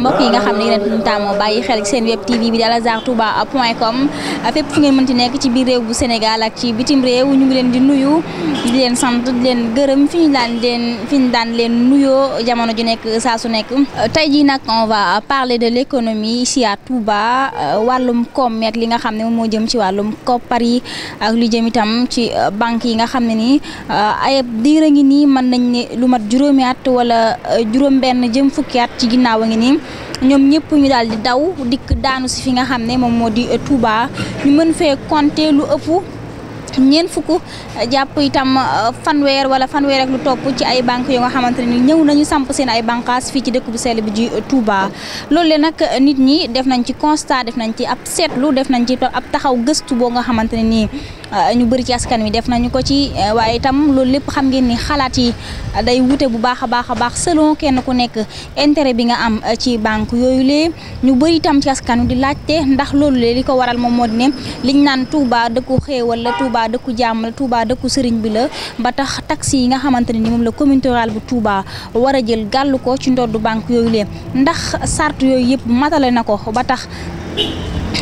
mbokk yi nga xam ne yéen a taamu bàyyi xel seen web tv bi di alazar a point com fépp fu ngeen mënti nekk ci biir réew bu Sénégal ak ci bitim réew ñu ngi leen di nuyu di leen sant di leen gërëm fi ñu daan leen ñu daan leen nuyoo jamono ji nekk saa su nekk tey jii nag on va parler de l'économie ici à Touba euh, wàllum koom li nga xam ne moom moo jëm ci wàllum koppar yi ak lu jëm itam ci euh, banque yi nga xam ne nii euh, ayab diir a ngi nii mën nañ ne lu mat juróomi wala juróom benn jëm fukki at ginnaaw a ngi nii ñoom ñëpp ñu daal di daw dikk daanu si fi nga xam ne moom moo di euh, Touba ñu mën fee compter lu ëpp ñeent fukk jàpp itam euh, fanweer wala fanweer ak lu topp ci ay banques yoo nga xamante ne ñëw nañu samp seen ay banqaas fii ci dëkk bu sell bi ji euh, tubaa loolu le nag nit ñi def nañ ci constat def nañ ci ab seetlu def nañ ci ab taxaw gëstu boo nga xamante ne nii Euh, ñu bëri ci askan wi def nañu ko ci euh, waaye itam loolu lépp xam ngeen ni xalaat yi day wute bu baax a baax a baax selon kenn ku nekk intérêt bi nga am euh, ci banque yooyu lee ñu bëri itam ci askan wi di laajte ndax loolu lee li ko waral moom moo di ne liñ naan Touba dëkku xéewal la Touba dëkku jàmm la Touba dëkku sëriñ bi la ba tax taxi yi nga xamante ne ni moom la commune rurale bu Touba war a jël gàll ko ci ndoddu banque yooyu lee ndax sart yooyu yëpp matale na ko ba tax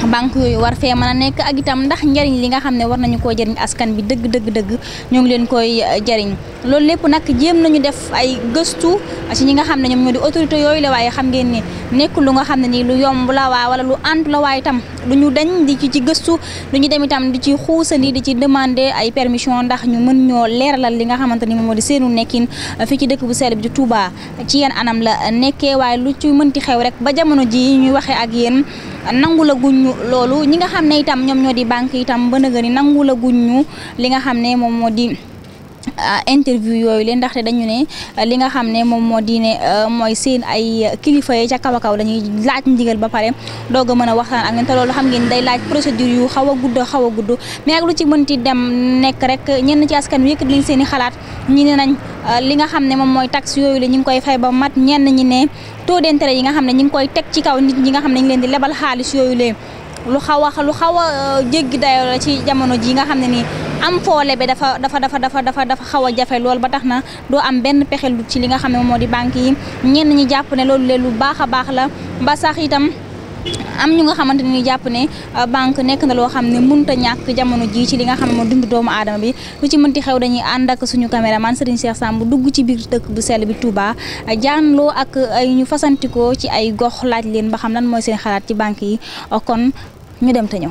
banque yooyu war fee mën a nekk ak itam ndax njariñ li nga xam ne war nañu koo jëriñ askan bi dëgg dëgg dëgg ñoo ngi leen koy eh, jëriñ loolu lépp nag jéem nañu def ay gëstu ci ñi nga xam ne ñoom ñoo di autorité yooyu la waaye xam ngeen ni nekkul lu nga xam ne nii lu yomb la waa wala lu antu la waaye itam du ñu dañ di ci ci gëstu du ñu dem itam di ci xuusandi di ci demander ay permission ndax ñu mën ñoo leeralal li nga xamante ni moom moo di seenu nekkin eh, fii ci dëkk bu sell bi di Touba ci yenn anam la nekkee waaye lu ci mënti xew rek ba jamono ji ñuy waxee ak yéen nangu la guñ ñu loolu ñi nga xam ne itam ñoom ñoo di banque itam ba nëgëni nangu la guñ ñu li nga xam ne moom moo di Euh, interview yooyu leen ndaxte dañu ne euh, li nga xam ne moom moo di ne euh, mooy seen ay kilifa yi ca kaw a kaw dañuy laaj ndigal ba pare doog a mën a waxtaan ak ngeen te xam ngeen day laaj procédure yu xaw a gudd xaw a gudd mais lu ci mënti dem nekk rek ñenn ci askan wi yëkkati nañ seen i xalaat ñi ne nañ li nga xam ne moom mooy taxe yooyu la ñu ngi koy fay ba mat ñenn ñi ne taux d'intérêt yi nga xam ne ñu ngi koy teg ci kaw nit ñi nga xam ne ñu leen di lebal xaalis yooyu lee lu xaw a lu xaw a jéggi dayoo ci jamono ji nga xam ne nii am foole bi dafa dafa dafa dafa dafa dafa xaw a jafe lool ba tax na doo am benn pexe lu ci li nga xam ne moo di banque yi ñenn ñi jàpp ne loolu leen lu baax a baax la ba sax itam am ñu nga xamante ni jàpp ne euh, banque nekk na loo xam ne mënut a ñàkk jamono jii ci li nga xam ne moo dund doomu aadama bi lu ci mënti xew dañuy ànd ak suñu caméraman Serigne Cheikh Samb dugg ci biir dëkk bu sell bi Touba jaanloo ak ay euh, ñu fasantikoo ci ay gox laaj leen ba xam lan mooy seen xalaat ci banque yi kon ñu dem te ñëw.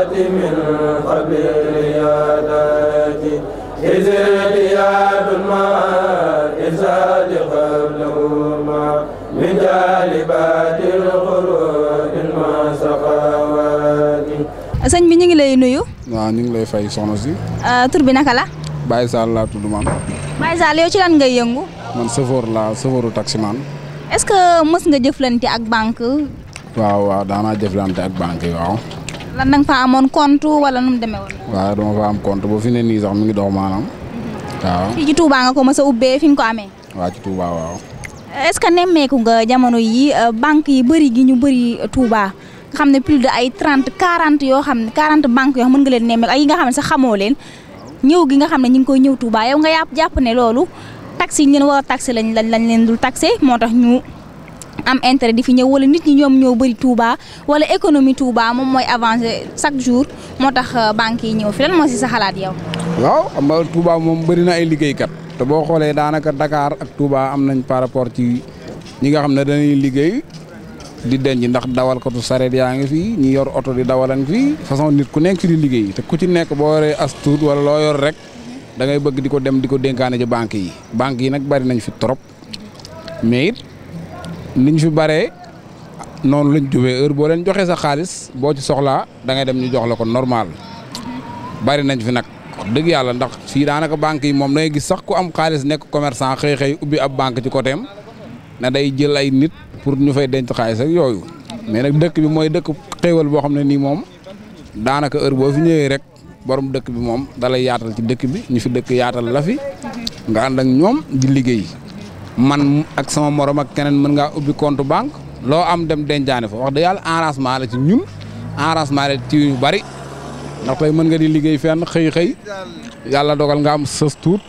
خاتم قبل رياداتي إذ رياد ما إزاد قبلهما من جالبات القرون ما سخاواتي sëñ bi ñu ngi lay nuyu. waaw ñu ngi lay fay soxna si. Ah, tur bi naka la. Baye Sall ci lan ngay yëngu. man chauffeur laa chauffeuru taximan. est que mës nga jëflante ak bank waaw waaw daanaa jëflante ak bank yi waaw. lan na nga fa amoon compte wala nu mu demee woon. waaw dama fa am compte ba fi ne nii sax mi ngi dox maanaam. waaw fii ci nga ko ma a ubbee fi nga ko amee. waaw ci waaw. est-ce que nemmeeku nga jamono yi euh, banque yi bëri gi ñu bëri euh, Touba nga xam ne plus de ay trente quarante yoo xam ne quarante banque yoo xam mën nga leen nemmeeku ay yi nga xam ne sax xamoo leen ñëw gi nga xam ne ñu ngi koy ñëw Touba yow nga yàpp jàpp ne loolu taxi yi ñu leen war a lañ lañ leen dul taxé moo tax ñu. am intérêt di fi ñëw wala nit ñi ñoom ñëw bëri Touba wala économie Touba moom mooy avancé chaque jour moo tax euh, banque yi ñëw fi lan moo si sa xalaat yow. waaw xam nga Touba moom bari na ay liggéeykat te boo xoolee daanaka Dakar ak Touba am nañ par rapport ci ñi nga xam ne dañuy liggéey di denc ndax dawalkatu sareet yaa ngi fi ñi yor oto di dawalan fi façon nit ku nekk ci di liggéey te ku ci nekk boo yoree as wala loo rek da bëgg di ko dem di ko dénkaane ci banques yi banques yi nag bëri nañ fi trop mais niñ fi baree noonu lañ jubee heure boo leen joxee sa xaalis boo ci soxlaa dangay dem ñu jox la ko normal bari nañ fi nag dëgg yàlla ndax fii daanaka banque yi moom da ngay gis sax ku am xaalis nekk commerçant xëy xëy ubbi ab banque ci côté am ne day jël ay nit pour ñu fay denc xaalis ak yooyu mais nag dëkk bi mooy dëkk xéewal boo xam ne nii moom daanaka heure boo fi ñëwee rek borom dëkk bi moom dalay yaatal ci dëkk bi ñu fi dëkk yaatal la fi nga ànd ak ñoom di liggéey. man ak sama morom ak keneen mën ngaa ubbi compte banque loo am dem dencaane fa wax dëgg yàlla arrangement la ci ñun arrangement la ci yu bari ndax tey mën nga di liggéey fenn xëy xëy yàlla dogal nga am sës tuut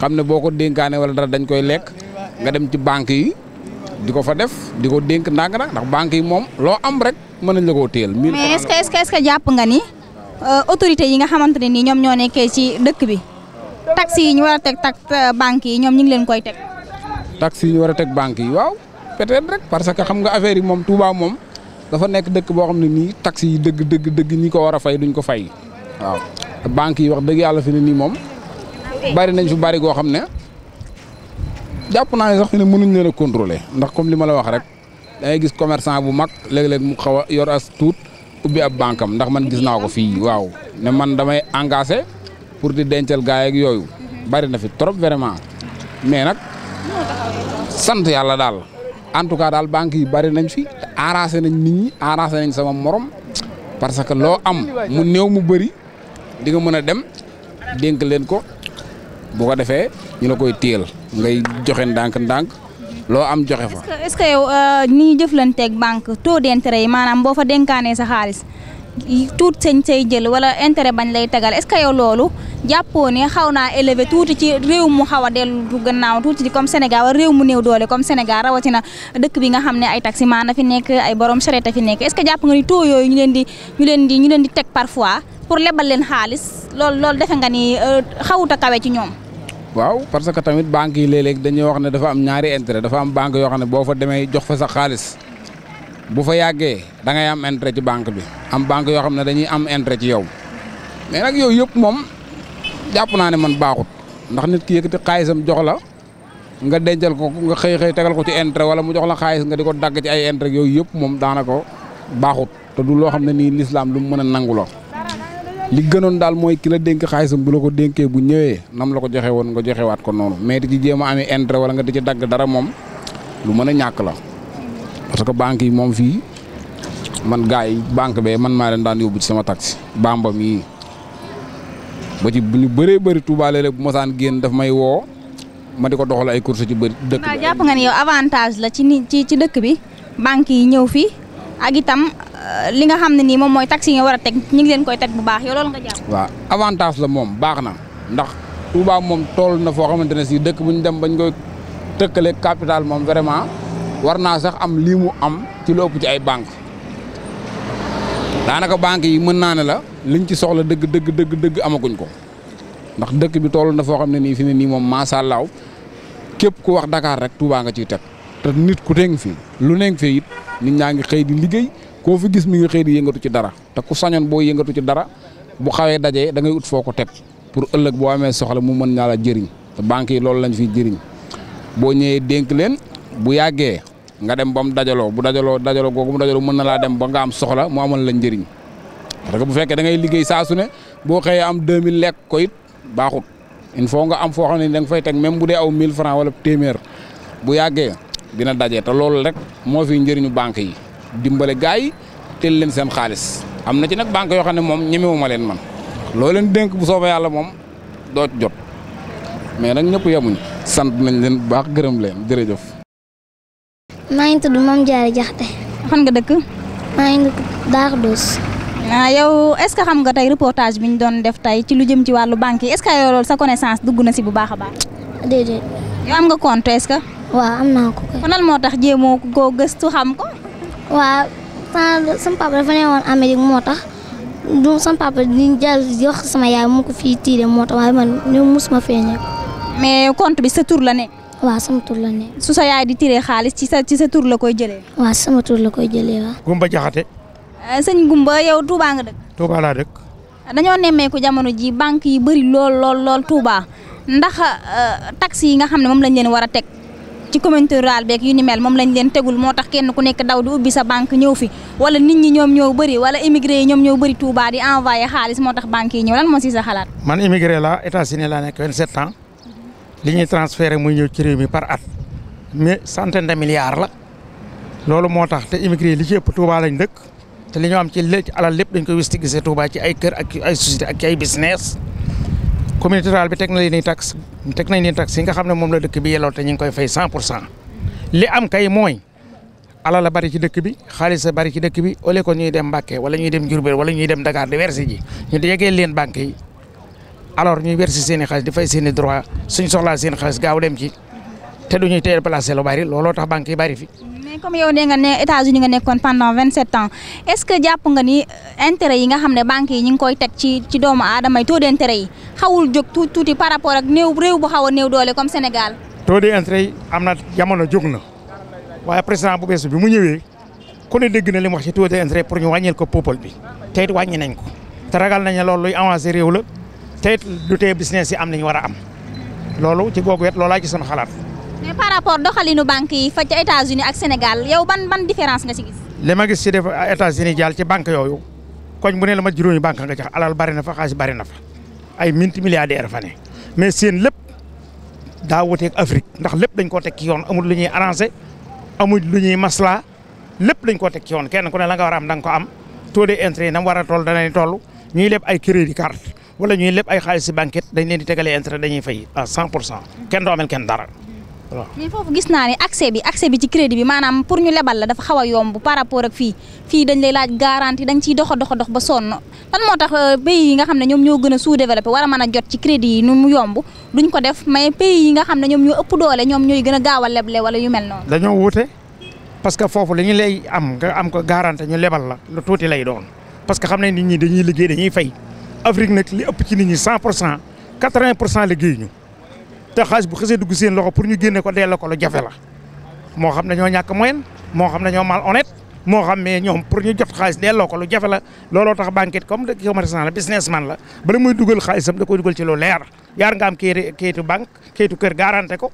xam ne boo ko dénkaane wala dara dañ koy lekk nga dem ci banque yi di ko fa def di ko dénk ndànk nag ndax banque yi moom loo am rek mën nañ la koo téyel. mais est-ce jàpp nga ni euh, autorité yi nga xamante ne nii ñoom ñoo nekkee ci dëkk bi taxi yi ñu war a euh, yi ñoom ñu koy teg. taxes yi ñu war a teg banques yi waaw peut-être rek parce que xam nga affaire yi moom Touba moom dafa nekk dëkk boo xam ne nii taxes yi dëgg dëgg dëgg ñi ko war a fay duñ ko fay waaw banques yi wax dëgg yàlla fi ne nii moom bari nañ fi bari goo xam ne jàpp naa ne sax fi ne mënuñ leen a ndax comme li ma la wax rek da gis commerçant bu mag léeg-léeg mu xaw a yor as tuut ubbi ab banque am ndax man gis naa ko fii waaw ne man damay engagé pour di dencal gaay ak yooyu bari na fi trop vraiment sant yàlla daal en tout cas daal banque yi bari nañ fi te arrangé nañ ni ñi arrangé nañ sama morom parce que loo am mu néew mu bëri di nga mën a dem dénk leen ko bu ko defee ñu la koy téel ngay joxe ndànk-ndànk loo am joxe fa. est-ce que yow euh, ni banque taux d'intérêt yi maanaam boo fa dénkaanee sa xaalis. tuut sëñ say jël wala intérêt bañ lay tegal est ce que yow loolu jàppoo ne xaw naa élevé tuuti ci réew mu xaw a dellu gannaaw tuuti ci comme Sénégal wala réew mu néew doole comme Sénégal rawatina dëkk bi nga xam ne ay taximan na fi nekk ay borom charette a fi nekk est ce que jàpp nga ni taux yooyu ñu leen di ñu leen di ñu leen di teg parfois pour lebal leen xaalis loolu lool defe nga ni euh, xawut a kawe ci ñoom. waaw parce que tamit banques yi léeg-léeg wax ne dafa am ñaari intérêt dafa am banque yoo xam ne boo fa demee jox fa sa xaalis. bu fa yàggee da ngay am intérêt ci banque bi am banque yoo xam ne dañuy am intérêt ci yow mais nag yooyu yëpp moom jàpp naa ne man baaxut ndax nit ki yëkkati xaalisam jox la nga dencal ko nga xëy xëy tegal ko ci intérêt wala mu jox la xaalis nga di ko dagg ci ay intérêt yooyu yëpp moom daanako baaxut te du loo xam ne nii lislaam lu mu mën a nangu la li gënoon daal mooy ki dénk xaalisam bu la ko dénkee bu ñëwee nam la ko joxe woon nga joxewaat ko noonu mais di ci jéem a amee intérêt nga di ci dagg dara moom lu mën a ñàkk la. parce que banque yi moom fii man gars yi banque be man maa leen daan yóbbu ci sama taxi bambam yi ba ci bu ñu bëree bëri Touba bu mosaan saan génn daf may woo ma di ko doxal ay course ci bëri dëkk bi. jàpp la ci ni ci ci dëkk bi banque yi ñëw fii ak itam euh, li nga xam ne nii moom mooy taxi yi nga war a teg ñu ngi leen koy teg bu baax yow loolu nga jàpp. waaw avantage la moom baax na ndax Touba moom toll na foo xamante ne sii dëkk bu ñu dem bañ koy tëkkale capital moom vraiment. war naa sax am lii mu am ci lu ëpp ci ay banque daanaka banque yi mën naa ne la liñ ci soxla dëgg dëgg dëgg dëgg amaguñ ko ndax dëkk bi toll na foo xam ne nii fi ne nii moom maasàllaaw képp ku wax dakaar rek Touba nga ciy teg te nit ku teng fii lu nekk fii nit ñaa ngi xëy di liggéey koo fi gis mi ngi xëy di yëngatu ci dara te ku sañoon boo yëngatu ci dara bu xawee dajee da ngay ut foo ko teg pour ëllëg boo amee soxla mu mën naa la jëriñ te banque yi loolu lañ fiy jëriñ boo ñëwee dénk leen bu yàggee nga dem ba mu dajaloo bu dajaloo dajaloo googu mu dajaloo mën na laa dem ba nga am soxla mu amal la njariñ parce que bu fekkee dangay liggéey saa su ne boo xëyee am 2000 lekk ko it baaxut il faut nga am foo xam ne da nga fay teg même bu dee aw 1000 francs wala téeméer bu yàggee dina daje te loolu rek moo fi njëriñu banque yi dimbale gars yi teel leen seen xaalis am na ci nag banque yoo xam ne moom ñemewuma leen man loo leen dénk bu soobee yàlla moom doo jot mais nag ñëpp yemuñ sant nañ leen baax gërëm leen jërëjëf. maa ngi tudd Mame Diarra Diakhaté. fan nga dëkk. maa ngi tudd Darou Dos. Ah, yow est-ce que xam nga tey reportage bi ñu doon def tey ci lu jëm ci wàllu banque yi est sa connaissance dugg na si bu baax a baax. déedéet. yow am nga compte est-ce que. ko kay. moo tax jéemoo koo ko. waaw sama papa dafa ne woon moo tax. du sama papa di jàll wax sama yaay mu ko fii tiire moo tax waaye man ñoom mosuma feeñee. mais compte bi sa tur la ne. waa sama tur la nekk. su sa yaay di tiree xaalis ci sa ci sa tur la koy jëlee. waaw sama tur la koy jëlee waaw. Gumba Jaxate. Eh, sëñ Gumba yow Touba nga dëkk. Touba laa dëkk. dañoo nemmeeku jamono ji banque yi bëri lool lool lool Touba ndax eh, taxes yi nga xam ne moom lañ leen war a teg ci communauté rurale beeg yu moom lañ leen tegul moo tax kenn ku nekk daw di ubbi sa banque ñëw fi wala nit ñi ñoom ñoo bëri wala immigré yi ñoom ñoo bëri Touba di envoyé xaalis moo tax banque yi ñëw lan moo si sa xalaat. man immigré la États-Unis laa nekk 27 ans. li ñuy transféré muy ñëw ci réew mi par at mi centaine de milliards la loolu moo tax te immigré li ci ëpp Touba lañ dëkk te li ñu am ci léegi alal lépp dañ koy wis gisee ci ay kër ak ay société ak ay business communauté rurale bi teg na leen ni taxe teg nañ leen taxe yi nga xam ne moom la dëkk bi yelloo te ñu ngi koy fay cent pour cent li am kay mooy alal bari ci dëkk bi xaalis la bari ci dëkk bi au ko ñuy dem Mbàkke wala ñuy dem Jurbel wala ñuy dem Dakar di verser ji ñu yeggee leen banque yi alors ñuy verser seen i xaalis di fay seen i droit suñ soxlaa seen xaalis gaaw dem ci te du ñuy teel placé lu bari looloo tax banque yi bari fi. mais comme yow nee nga ne États-Unis nga nekkoon pendant 27 ans est-ce que jàpp nga ni euh, intérêt yi xam ne banques yi ñu ngi koy teg ci ci doomu aadama yi taux d'intérêt tuuti tuuti par rapport ak néew réew bu xaw a néew doole comme Sénégal. taux d'intérêt yi am na jamono jóg na waaye président bu bees bi mu ñëwee ku ne dégg na li mu wax ci taux d'intérêt pour ñu ko peuple bi te it wàññi nañ ko te ragal nañ ne loolu réew la. te it du tee business yi am nañu war a am loolu ci googu wet loolaa ci sama xalaat. mais par rapport doxalinu banque yi fa ca États-Unis ak Sénégal yow ban ban différence nga ci gis. li ma gis ci def États-Unis jàll ci banque yooyu koñ bu ne la ma juróomi banque nga jox alal bari na fa xaalis bari na fa ay minti milliardaire fa ne mais seen lépp daa wuteeg Afrique ndax lépp dañ koo teg ci yoon amul lu ñuy arrangé amul lu ñuy maslaa lépp dañ ko teg ci yoon kenn ku ne la nga war am da nga ko am taux de yi na mu a toll danañ toll ñuy leb ay crédit wala ñuy lépp ay xaalis si banquette dañ di tegalee intérêt dañuy fay à 100 pour cent kenn doo amel kenn dara waaw. mais foofu gis naa ne accès bi accès bi ci crédit bi maanaam pour ñu lebal la dafa xaw a yomb par rapport ak fii fii dañ lay laaj garanti dañ ciy dox a dox a dox ba sonn lan moo tax euh, pays yi nga xam ne ñoom ñoo gën a sous-développé war a mën a jot ci crédit yi nu mu yomb duñ ko def mais pays yi nga xam ne ñoom ñoo ëpp doole ñoom ñooy gën a gaaw a leble wala yu mel noonu. daño wuute parce que foofu li lay am am ko garantie ñu lebal la lu tuuti lay doon parce que xam nañ nit ñi dañuy liggéey dañuy fay Afrique nag li ëpp ci nit ñi cent pour cent quatre-vingt pour cent liggéey ñu te xaalis bu xasee dugg seen loxo pour ñu génne ko delloo ko lu jafe la moo xam ne ñoo ñàkk moyen moo xam ne ñoo mal honnête moo xam ne ñoom pour ñu jot xaalis delloo ko lu jafe la looloo tax banque comme de commerçant la businessman la bala muy dugal xaalisam da koy dugal ci lu leer yaar nga am kayitu kayitu banque keetu kër garanté ko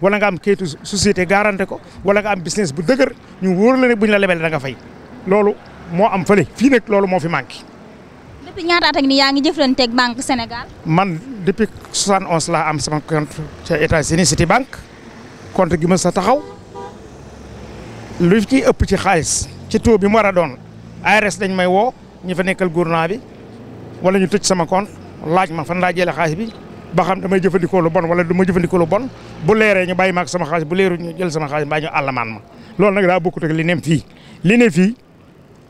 wala nga am kayitu société garanté ko wala nga am business bu dëggër ñu wóor la ne bu ñu la lebel da nga fay loolu moo am fële fii loolu moo fi manqué depuis ñaata at ak ni yaa ngi jëflanteeg banque Sénégal. man depuis 71 laa am sama compte ca États-Unis Citibank compte gi ma sa taxaw lu ci ëpp ci xaalis ci taux bi mu war a doon ARS dañ may woo ñi fa nekkal gouvernement bi wala ñu tëj sama compte laaj ma fan laa jëlee xaalis bi. ba xam damay jëfandikoo lu bon wala duma ma jëfandikoo lu bon bu leeree ñu bàyyi ma sama xaalis bu leeru ñu jël sama xaalis mbaa ñu àllamaan ma loolu nag daa bokkut ak li nem fii li fii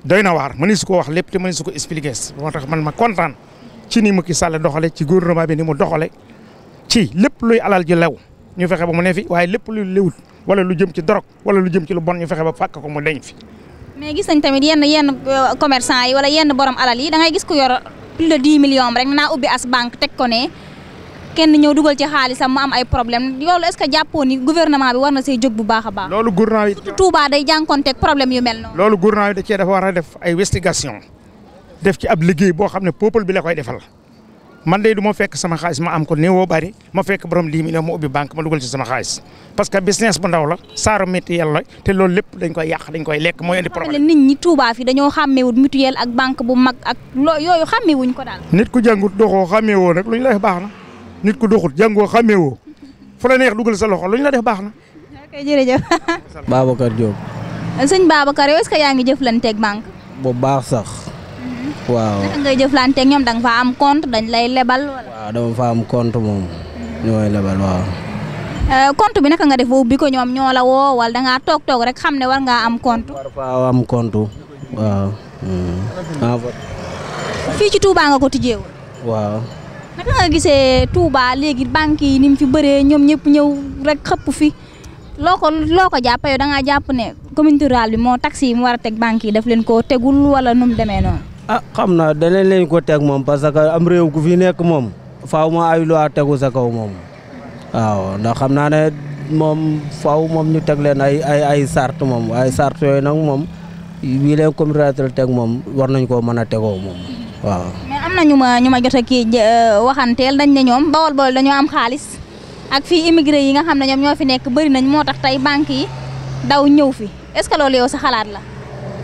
doy na waar mënees su ko wax lépp te mënees su ko expliquer moo tax man ma kontaan ci ni Macky Sall doxale ci góor gouvernement bi ni mu doxale ci lépp luy alal ji lew ñu fexe ba mu ne fi waaye lépp luy lewut wala lu jëm ci dorog wala lu jëm ci lu bon ñu fexe ba fàkk ko mu deñ fi. mais gis nañ tamit yenn yenn euh, commerçant yi wala yenn borom alal yi da ngay gis ku yor plus de dix millions rek naa ubbi as banque teg ko ne. kenn ñëw dugal ci xaalisam mu am ay problème loolu est-ce a baax. loolu gouvernement bi surtout Touba day jànkonteeg problème yu mel noonu. loolu gouvernement bi da cee dafa war a liggéey boo xam ne peuple bi la koy defal man de du ma fekk sama xaalis ma am ko néew woo bari ma fekk borom lii mi ne ma ubbi banque sama xaalis parce que business bu ndaw la saaru loolu lépp dañ koy yàq dañ koy lekk mooy indi problème. nit ñi Touba fi dañoo xàmmeewut mutuel ak banque bu mag ak loo yooyu xàmmeewuñ ko daal. nit ku jàngut doxoo xàmmeewoo rek lu ñu lay baax na. nit ku doxut jàngoo xàmmeewoo fu la neex dugal sa loxo lu ñu la def baax na. ok jërëjëf. Babacar Diop. sëñ Babacar yow est-ce que yaa ngi jëflanteeg banque. bu baax sax. Mhm. waaw naka ngay jëflanteeg ñoom da nga faa am compte dañ lay lebal. waaw dama fa am compte moom. Euh, bi naka nga def ubbi ko ñoom ñoo la woo wala da ngaa toog toog rek xam ne war ngaa am compte. war faa hmm. fii ci Touba nga ko tijjeewul. waaw. naka nga gisee Touba léegi banque yi ni fi bëree ñoom ñëpp ñëw rek xëpp fi loo ko loo ko jàpp yow da ngaa jàpp ne commune rurale bi moo taxes yi mu war a teg banque yi daf leen koo tegul wala nu mu a ah xam naa danañ leen ko teg moom parce que am réew ku fi nekk moom faw ma ay loi tegu sa kaw moom waaw ndax xam naa ne moom faaw moom ñu teg leen ay ay ay sart moom ay sart yooyu nag moom wii leen teg moom war nañ koo mën a tegoo moom waaw. nañu na ñu ma ñu ma jot a kii euh, waxanteel dañ ne ñoom bawol bawol dañoo am xaalis ak fii immigré yi nga xam ne ñoom ñoo fi nekk bëri nañ moo tax tey banque yi daw ñëw fi est-ce que loolu yow sa xalaat la.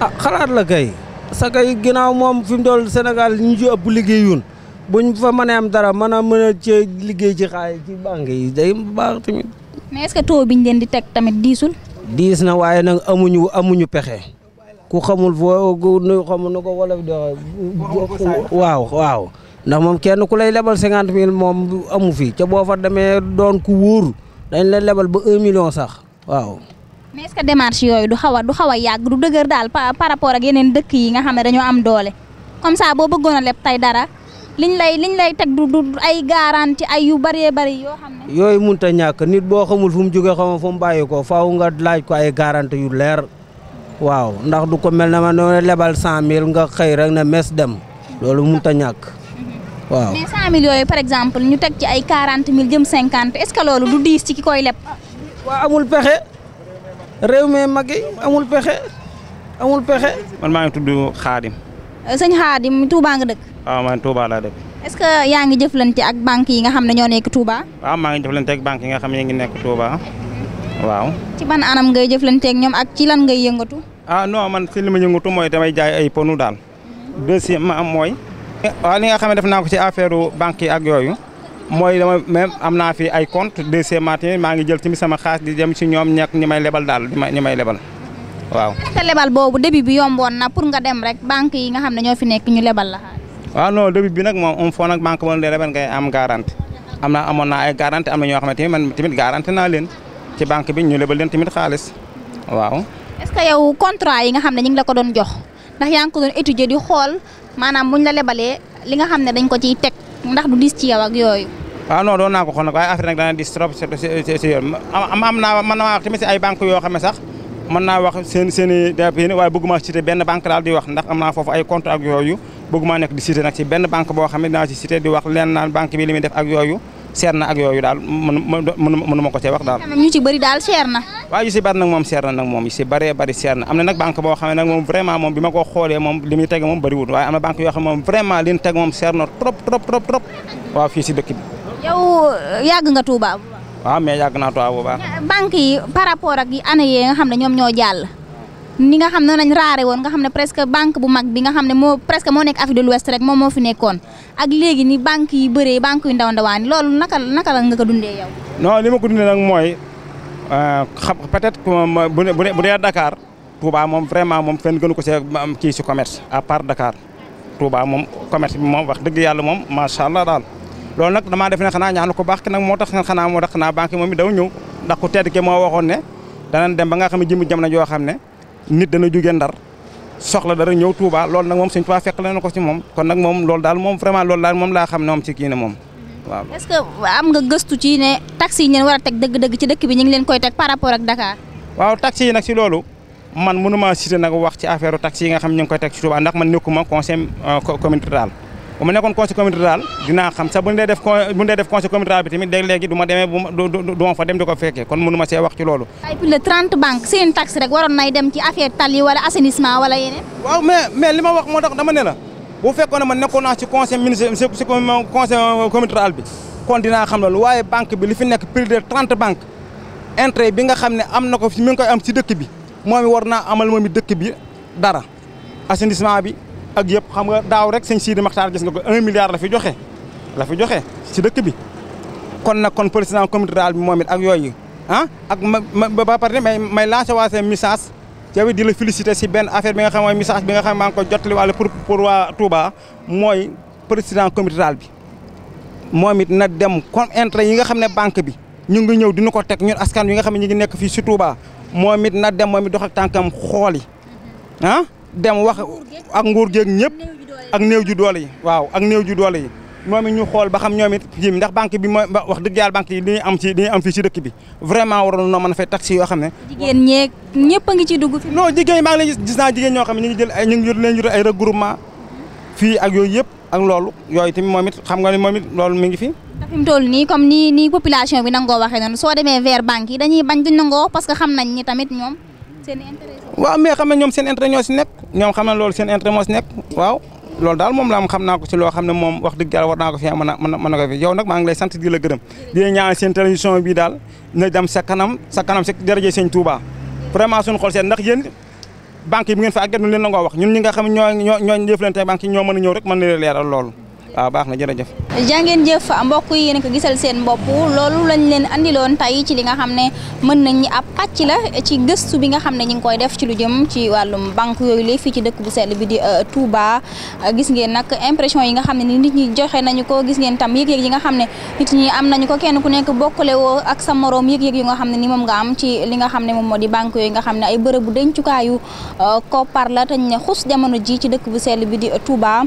ah xalaat la kay sa kay ginnaaw moom fi dool Sénégal ñu ci ëpp liggéeyuun buñ fa mënee am dara mën a mën a cee liggéey ci xaalis ci banque yi day baax tamit. mais est-ce que taux biñ di teg tamit diisul. diis na waaye nag amuñu amuñu pexe. ku xamul foo nu xamul nu ko wolof di waaw waaw ndax moom kenn ku lay lebal cinquante mille moom amu fi ca boo fa demee doon ku wóor dañ la lebal ba un million sax waaw. mais est-ce yooyu du xaw a du xaw a yàgg du dëgër daal par rapport ak yeneen dëkk yi nga xam ne dañoo am doole comme ça boo bëggoon a leb tey dara liñ lay liñ lay teg du du ay garanti ay yu bëree bari yoo xam ne. yooyu mënut a ñàkk nit boo xamul fu mu jógee xamul fu mu bàyyi ko faaw nga laaj ko ay garanti yu leer. waaw ndax du ko mel na ma noonu lebal cent mille nga xëy rek na mes dem loolu mënut a ñàkk waaw. mais cent mille yooyu par exemple ñu teg ci ay quarante mille jëm cinquante est-ce que loolu du diis ci koy leb. waaw amul pexe réew mi mag yi amul pexe amul pexe. man maa ngi tudd Xaadim. Euh, sëñ Xaadim Touba nga dëkk. waaw man Touba laa dëkk. est-ce que yaa ngi jëflante ak banque yi nga xam ne ñoo nekk Touba. waaw maa ngi jëflante ak banque yi nga xam ne ñu ngi nekk Touba waaw. ci ban anam ngay jëflante ak ñoom ak ci lan ngay yëngatu. ah non man si li ma yëngatu mooy damay jaay ay ponu daal deuxièmement mooy waaw li nga xam ne def naa ko ci affaire banque yi ak yooyu mooy dama même am naa fi ay compte deuxièmement tamit maa ngi jël tamit sama xaalis di dem si ñoom ñak ñi may lebal daal ñi may lebal waaw sa lebal boobu début bi yomboon na pour nga dem rek banque yi nga xam ne ñoo fi nekk ñu lebal la waaw ah, non début bi nag moom um foo nag banque boo lee lebal ngay am garanti am naa amoon naa ay garanti am na ñoo xam ne tamit man tamit garanti naa leen ci banque bi ñu lebal leen tamit xaalis est-ce que yow contrat yi nga xam ne ñu ngi ko doon jox ndax yaa ngi ko doon étudier di xool maanaam buñ la lebalee li nga xam ne dañ ko ciy teg ndax du dis ci yow ak yooyu. waaw ah, non doon naa ko xool nag waaye affaire nag yoo xam ne sax mën naa wax seen seen i DPN waaye bëgguma cité benn banque daal di wax ndax am naa foofu ay compte ak yooyu bëgguma nekk di cité nag si benn banque boo xam ne dinaa si di wax leen naan banque bi li muy def ak yooyu seer na ak yooyu daal mënu ko cee wax daal. ñu ci bëri daal seer na. waaw yu si bari nag moom seer na nag moom si bëree bëri seer na am na nag banque boo xam nag moom vraiment moom bi ma ko xoolee moom li muy teg moom bëriwul waaye am na banque yoo xam moom vraiment li teg moom seer na trop trop trop waaw fii si dëkk bi. yow euh, nga Touba. waaw mais yàgg naa Touba bu baax. banque yi par rapport ak année yi nga xam ne ñoom ñoo jàll. ni nga xam ne nañ raare woon nga xam ne presque banque bu mag bi nga xam ne moo presque moo nekk Afrique de l'Ouest rek moom moo fi nekkoon ak léegi ni banque yi bëree banque yu ndaw ndawaan loolu naka naka la nga ko dundee yow. non li ma ko dundee nag mooy euh, xam peut-être moom vraiment moom fenn gënu ko am kii à part Dakar Touba moom commerce bi moom wax dëgg yàlla moom macha allah daal. loolu nag damaa def ne xanaa ñaanu ko baax ki moo tax xanaa moo tax xanaa banque moom it daw ñëw ndax ku tedd ki moo waxoon ne danañ dem ba nga xam ne jëmm jamono joo xam ne nit dana jóge ndar soxla dara ñëw Touba lool nag moom Sëñ Touba fekk na ko ci moom kon nag moom loolu daal moom vraiment loolu daal moom laa xam ne moom ci kii ne moom waaw. est am nga gëstu ci ne taxi yi ngeen war a teg dëgg-dëgg ci dëkk bi ñu ngi leen koy teg par rapport ak Dakar. waaw taxi yi nag si loolu man mënuma cité nag wax ci affaire taxi yi nga xam ñu ngi koy teg ci Touba ndax man nekkuma conseil euh, communautaire bu ma nekkoon conseil communauté rural dinaa xam sax bu def conseil communauté rural bi tamit léeg-léegi ma demee du ma fa dem di ko fekkee kon mënu ma see wax ci loolu. ay plus de 30 banques seen taxe rek waroon nay dem ci affaire tali wala assainissement wala yeneen. waaw mais li ma wax moo dama ne la bu fekkoon ne ma nekkoon naa conseil ministre ci conseil communauté rural bi kon dinaa xam loolu waaye banque bi li fi nekk plus de 30 banques intérêt bi nga xam ne na ko mi ngi koy am ci dëkk bi bi. ak yëpp xam nga daaw rek sëñ Sidi Maxtaar gis nga ko un milliard la fi joxe la joxe si dëkk bi kon nag kon président comité rural bi moom it ak yooyu ah ak ma ba pare may may lancé waa seen message yow it di si benn affaire bi nga xam mooy message bi nga xam maa ngi ko jottali wàlla pour pour waa Touba mooy président comité bi moom it na dem comme intérêt yi nga xam ne banque bi ñu ngi ñëw dina ko teg ñun askan yi nga xam ne ñu ngi nekk fii si Touba moom it na dem moom it dox ak xool yi ah. dem wax ak nguur geeg ñëpp ak néew ju doole yi waaw ak néew ju doole yi moom it ñu xool ba xam ñoom it jim ndax banque bi mooy wax dëgg yàlla banque yi li ñuy am ci li dëkk bi vraiment a fay taxi yoo jigéen dugg. non jigéen gis naa jigéen ñoo xam ne ñu ngi jël ay regroupement fii ak yooyu yëpp ak loolu yooyu tamit moom it xam nga ne moom it loolu mi ngi fi. fi mu toll nii comme ni ni population bi nangoo waxee noonu soo demee vers banque yi dañuy bañ duñ nangoo parce que xam nañ ni tamit ñoom waaw mee xam ne ñoom seen intérêt ñoo si nekk ñoom xam ne loolu seen intérêt moo si nekk waaw loolu daal moom la am xam naa ko ci loo xam ne moom wax dëgg yàlla war naa ko fi mën a mën a ko fi yow nag maa ngi lay sant di la gërëm seen télévision bi daal na dem sa kanam sa kanam sa daraje sëñ Touba vraiment suñu xool seen ndax yéen banque yi bu ngeen fa ak nu leen la wax ñun ñi nga xam ne ñoo ñoo ñoo jëflante banque yi ñoo mën a ñëw rek mën na leeral loolu waaw baax na jërëjëf jàngeen jëf mbokk yi yéen ko gisal seen bopp loolu lañ leen andiloon tey ci li nga xam ne mën nañ ñi ab pàcc la ci gëstu bi nga xam ne ñi ngi koy def ci lu jëm ci wàllum banque yooyu léegi fii ci dëkk bu sell bi di euh, Touba gis ngeen nag impression yi nga xam ne ni nit ñi joxe nañu ko gis ngeen tam yëg-yëg yi nga xam ne nit ñi am nañu ko kenn ku nekk bokkale woo ak sa moroom yëg-yëg yu nga xam ne ni moom nga am ci li nga xam ne moom moo di banque yooyu nga xam ne ay bërëbu dencukaayu euh, koppar la tañ ne xus jamono ji ci dëkk bu sell bi di euh, Touba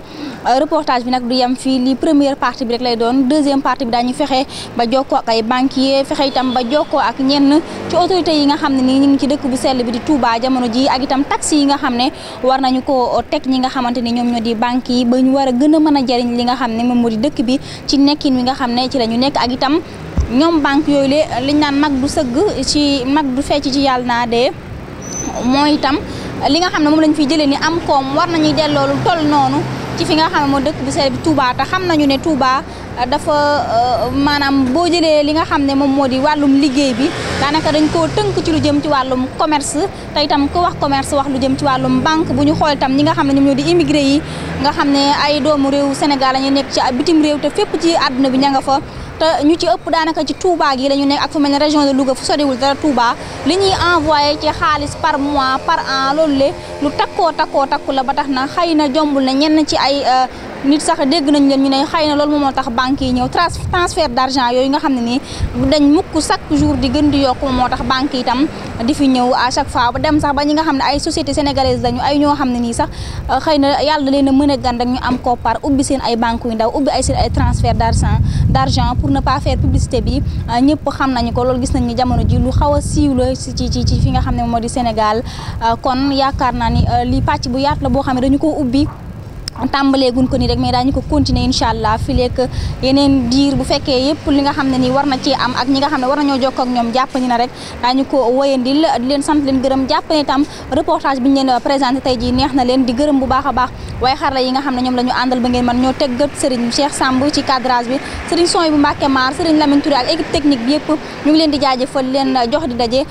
reportage bi nag du yem am fii li première partie bi rek lay doon deuxième partie bi daañu fexe ba jokkoo ak ay banquier fexe itam ba jokkoo ak ñenn ci autorité yi nga xam ne ni ñu ci dëkk bu sell bi di Touba ji ak itam taxi yi nga xam ne war nañu ko teg ñi nga xamante ni ñoom ñoo di banque yi ba ñu war a gën a mën a jariñ li nga xam ne moom moo di dëkk bi ci nekkin wi nga xam ne ci la ñu nekk ak itam ñoom banque yooyu le liñ naan mag du sëgg ci mag du fecc ci yàlla naa dee mooy itam li nga xam ne moom lañu fiy jëlee ni am koom war nañuy delloo lu toll noonu ci fi nga xam ne moo dëkk bu sell bi Touba te xam nañu ne Touba euh, dafa euh, maanaam boo jëlee li nga xam ne moom moo di wàllum liggéey bi daanaka dañ koo tënk ci lu jëm ci wàllum commerce te itam ku wax commerce wax lu jëm ci wàllum banque bu ñu xool tam ñi nga xam ne ñoom ñoo di immigré yi nga xam ne ay doomu réew Sénégal a ñu nekk ci bitim réew te fépp ci àdduna bi ña nga fa te ñu ci ëpp daanaka ci Touba gi la ñu ak fu mel ne région de Louga fu soriwul dara Touba li ñuy envoyé ci xaalis par mois par an loolu le lu takkoo takkoo takku la ba tax na xëy na jombul na ay euh, nit sax dégg nañ leen ñu ne xëy na loolu moom moo tax banque yi ñëw transfert d' argent yooyu nga xam ne nii dañ mukk chaque jour di gën di yokk moom moo tax banques yi tam di fi ñëw à chaque fois dem sax ba ñi nga xam ne ay société sénégalaise lañu ay ñoo xam ne nii sax euh, xëy na yàlla leen a mën a gan rek ñu am koppar ubbi seen ay banque yu ndaw ubbi ay seen ay transfert d' argent d' argent pour ne pas faire publicité bi euh, ñëpp xam nañu ko loolu gis nañ ni jamono ji lu xaw a ci ci ci fi nga xam ne moo di Sénégal kon yaakaar naa ni lii pàcc bu yaatu la boo xam ne dañu ko ubbi tàmbalee gun ko nii rek mais daañu ko continuer incha allah fi leeg yeneen diir bu fekkee yëpp li nga xam ne ni war na ci am ak ñi nga xam ne war nañoo jokkoo ak ñoom jàpp ni na rek daañu ko wóyandil di leen sant leen gërëm jàpp ne itam reportage bi ñu leen présenté tey jii neex na leen di gërëm bu baax a baax waaye xarala yi nga xam ne ñoom lañu àndal ba ngeen man ñoo teggat Serigne Cheikh Samb ci cadrage bi Serigne Soy bu Mbacke Mar Serigne Lamine Touré ak équipe technique bi yëpp ñu ngi leen di jaajëfal leen jox di daje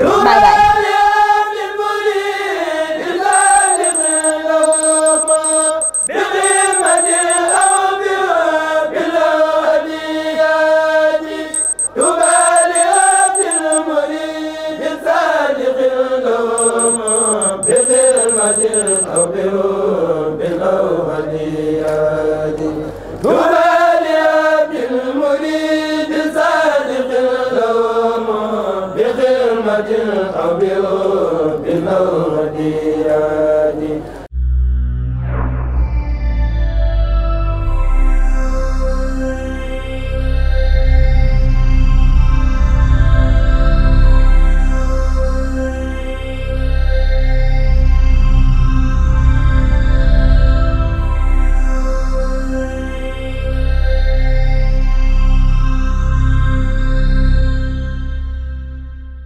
euh, très